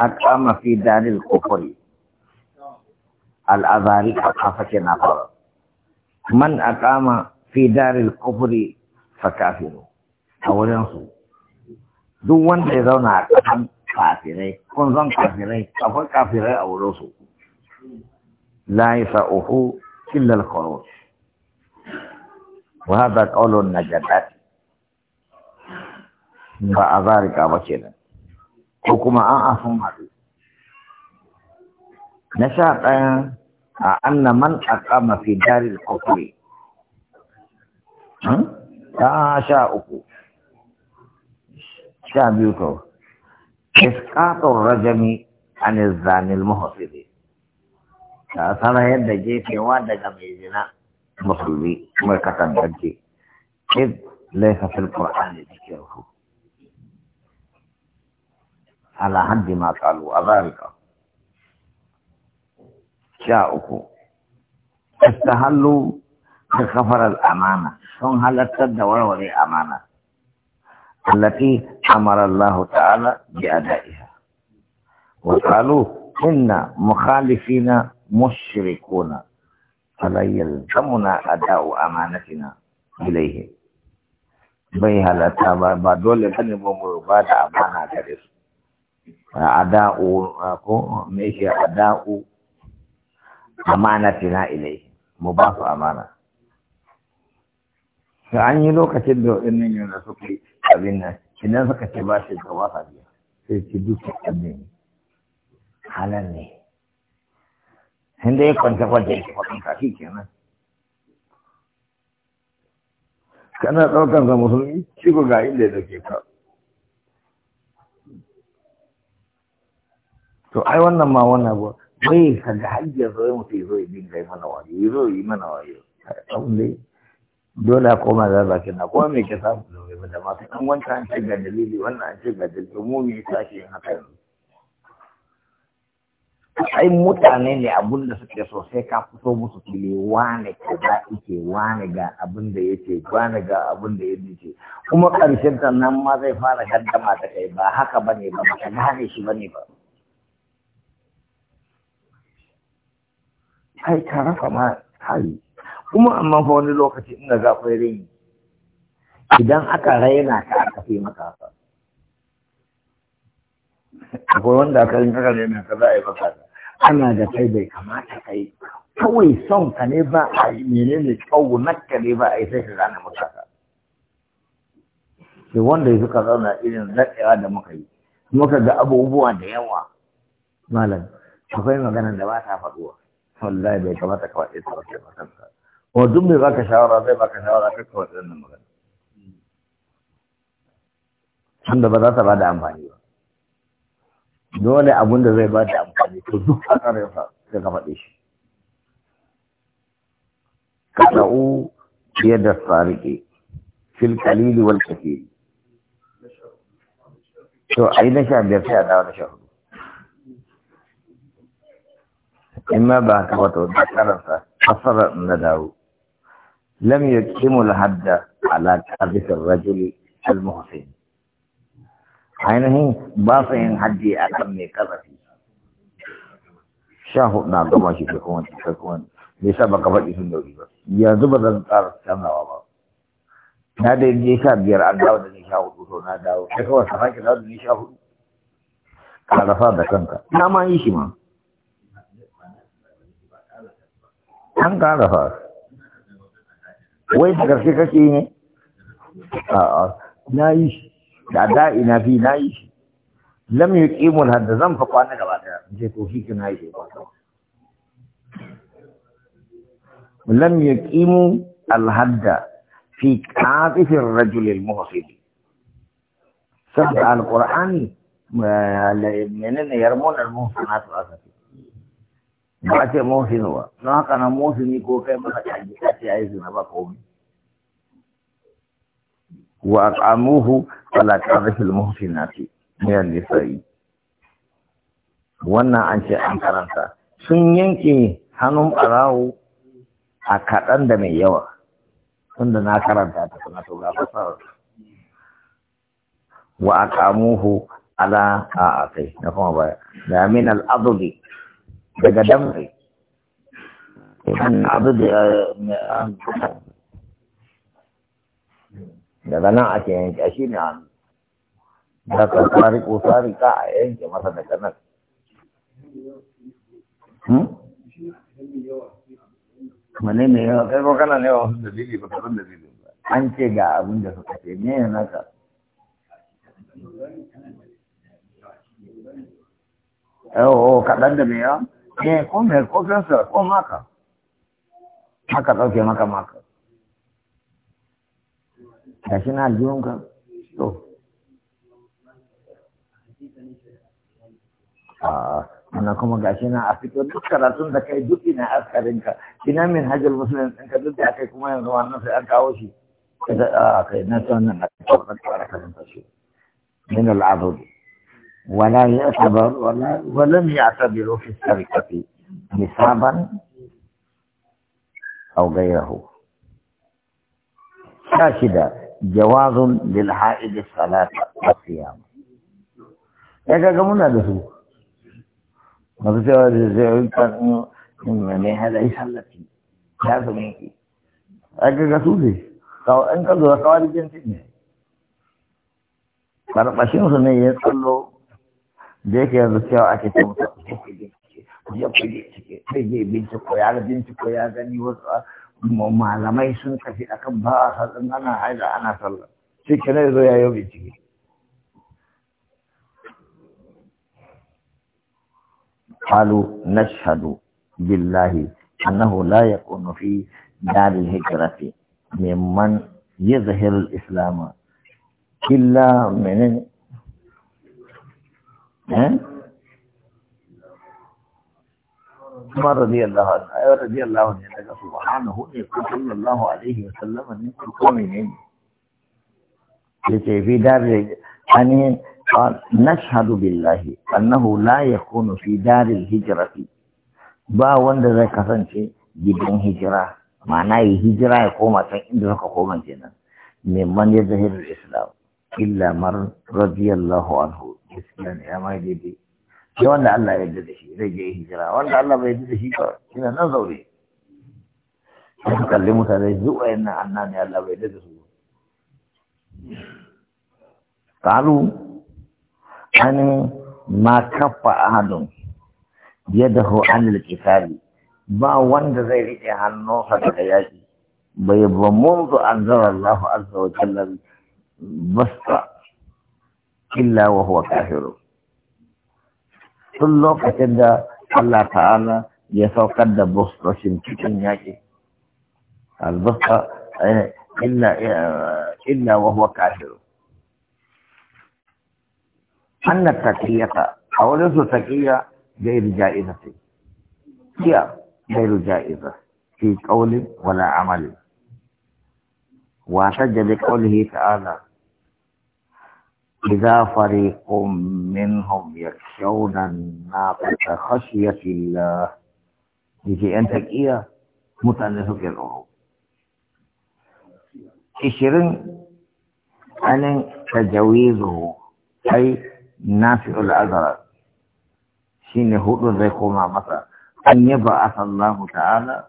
حكم في دار الكفر الأذاري فكافك نقر من أقام في دار الكفر فكافر أولا سوء دوان تزون أقام كافري كنزان كافري كفر كافري أولا سوء لا يسأه إلا الخروج وهذا قول النجدات فأذاري كافكنا ko kuma a'a sun haɗu na sha ɗaya a anna man aqama fi daril kufri hmm? ta sha uku sha biyu to Iskatar rajami an zanil muhasiri ta sana yadda jefewa daga mai zina musulmi mai katangance id laifa fil cikin rufu. على حد ما قالوا أذارقة شاءكم استهلوا في خفر الأمانة هم هل الدور ولي أمانة التي أمر الله تعالى بأدائها وقالوا إن مخالفين مشركون فلا يلزمنا أداء أمانتنا إليهم بيها لتابع بعد ba dole ba ne mu ada'u ko me shi ada'u amanatina ilai mu ba su amana sai an yi lokacin da waɗannan yana suka yi abin nan idan suka ce ba shi gaba sa biya sai ci duka abin halar ne inda ya kwanta kwanta ya kwaɗin ke kenan kana ɗaukar da musulmi shi ko ga inda ya dauke ka to ai wannan ma wannan ba bai ka ga hajjar zo mutu zo yi bin kai mana waje yi zo yi mana wayo abin da dole a koma za ba kina kuma me ka samu da wai da masu kan wancan an ce ga dalili wannan an ce ga dalili mu me ya yin haka yanzu ai mutane ne abun da suke so sai ka fito musu fili wane kaza ike wane ga abun da ya ce, wane ga abun da ya ce, kuma karshen nan ma zai fara gaddama ta kai ba haka bane ba ba ka gane shi bane ba kai ka rafa ma hali kuma amma fa wani lokaci ina za ku raini idan aka raina ka aka fi maka haka akwai wanda aka yin aka raina ka za a yi maka ana da kai bai kamata kai kawai son ka ne ba a yi menene kyau ka ne ba a yi sai ka gane maka ka ke wanda ya ka zauna irin zaɗewa da muka yi muka ga abubuwa da yawa malam akwai magana da ba ta faɗuwa wallahi bai kamata ka faɗi ta wasu makanka kuma duk mai baka shawara zai baka shawara kar ka faɗi wannan magana tunda ba za ta bada amfani ba dole abun da zai ba da amfani to duk a ƙarfa sai ka faɗi shi ka kasa'u fiye da tsariƙe fil kalili wal kafiri to a yi na sha biyar sai a dawo da sha إما بعد باكوتو ذكرت حصل النداو لم يجتم الحد على كافة الرجل المحسن حينه باصين حدي أكم كذفي شاهو نعم تكون تكون ليس بقبل يسندو يا يذوب الزنطار كما وابا نادي جيسا بير أنداو دنشاو تسو نداو شكوا سفاك نداو دنشاو كالفا دكنتا نعم يشي an ƙara fa wai da ƙarshe kake ne a'a na yi shi da da ina fi na yi shi lam yuqimul hadda zan fa kwana gaba daya je ko shi kina yi lam yuqimu al hadda fi qatif ar rajul al muhsin sabda al qur'ani menene yarmun al muhsinat asafi ba a ce mohin ba don haka nan mawafini ko kai masa kaji ka ce ai zina ba komi wa aqamuhu ala qarfil muhsinati min an yi. wannan an ce an karanta sun yanke hannun barawo a kaɗan da mai yawa tunda na karanta ta suna to ga fasarar wa kamuhu ala a kai na kuma baya da min al-adli daga damri abu da daga nan ake yanke shi ne hannu da ka tsari ko tsari ka a yanke masa daga nan hmm? mane mai yawa kai ko kana ne wa wasu dalili ba karin dalili ba an ce ga abin da suka ce ne yana ka Oh, kaɗan da mai yawa? ne ko ne ko fensa ko maka haka ɗauke maka maka ga shi na aljihunka to a wannan kuma ga shi na a fito duk karatun da kai duk ina askarinka ina min hajjar musulun ɗinka duk da kai kuma yanzu wannan sai an kawo shi ka da a kai na sanin nan kawo na kawo na kawo na kawo ولا يعتبر ولا ولم يعتبروا في السرقة نصابا أو غيره شاشدة جواز للحائد الصلاة والصيام لكن كمونا دسو ما تسوى mai halayi هذا ya zama yake قالوا نشهد بالله انه لا يكون في دار الهجره ممن يظهر الاسلام الا من عمر رضي الله عنه ايوه رضي الله عنه قال سبحانه يقول صلى الله عليه وسلم ان تؤمنين لكي في دار يعني قال نشهد بالله انه لا يكون في دار الهجره با وند ذا كسان شيء جبن هجرة معنى هجرة يقوم عشان إن ذاك قوم من من يظهر الإسلام إلا من رضي الله عنه ya ni'ama daidai shi wanda Allah ya yarda da shi zai je hijira wanda Allah bai yarda da shi ba shine nan zaure ya ka kalli mutane duk wayannan annabi Allah bai yarda da su kalu an ma kafa ahadun yadahu an al ba wanda zai rike hannunsa daga yaki bai ba mun zo an zara Allah azza wa jalla basta إلا وهو كافر كل وقتنا الله تعالى يتوقد بصرة شمكتين يجي البصرة إلا, إلا وهو كافر أن التكية أو أولوث التكية غير جائزة هي غير جائزة في قول ولا عمل واحتج بقوله تعالى إذا فريق منهم يخشون الناقة خشية الله يجي أنت إياه متأنسك الأروب عشرين أن تجويزه أي نافع الأضرار شين هدو زي مثلا أن يبعث الله تعالى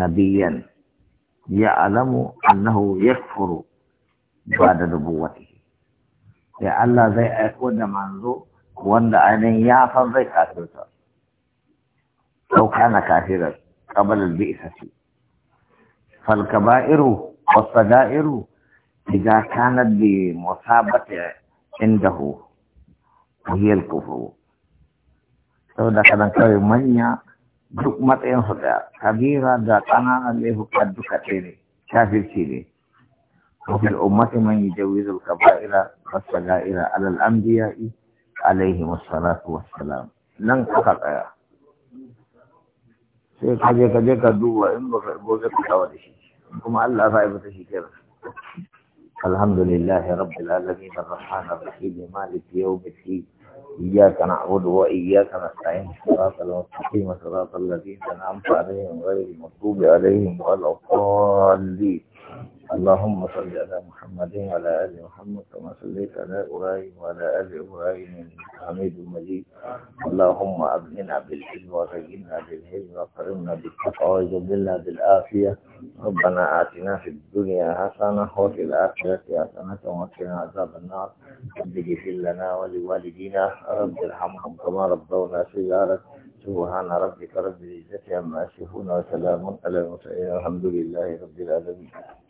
نبيا يعلم أنه يكفر بعد نبوته sai Allah zai aiko da manzo wanda ainihin ya san zai ta. sau kana kafirar kabalin bi'isasi falkaba'iru wasu da'iru إذا كانت بمصابة عنده وهي الكفر to da kadan kawai manya duk matsayin su da kabira da ƙananan laifuka duka ce ne kafirci ne وفي الأمة من يجوز القبائل والصغائر على الأنبياء عليهم الصلاة والسلام لن نعم، فقط آية سيك حجي كجي كدوة إن بوزك تاوديشي كما الله رأي بتشكير الحمد لله رب العالمين الرحمن الرحيم مالك يوم الدين إياك نعبد وإياك نستعين صراط المستقيم صراط الذين أنعمت عليهم غير المغضوب عليهم ولا الضالين اللهم صل على محمد وعلى آل محمد كما صليت على إبراهيم وعلى آل إبراهيم حميد مجيد اللهم أبننا بالحلم وزينا بالهجره وكرمنا بالتقوى وجبلنا بالعافية ربنا آتنا في الدنيا حسنة وفي الآخرة حسنة وقنا عذاب النار رب اغفر لنا ولوالدينا رب ارحمهم كما ربونا صغارا سبحان ربك رب العزة عما يصفون وسلام على المرسلين الحمد لله رب العالمين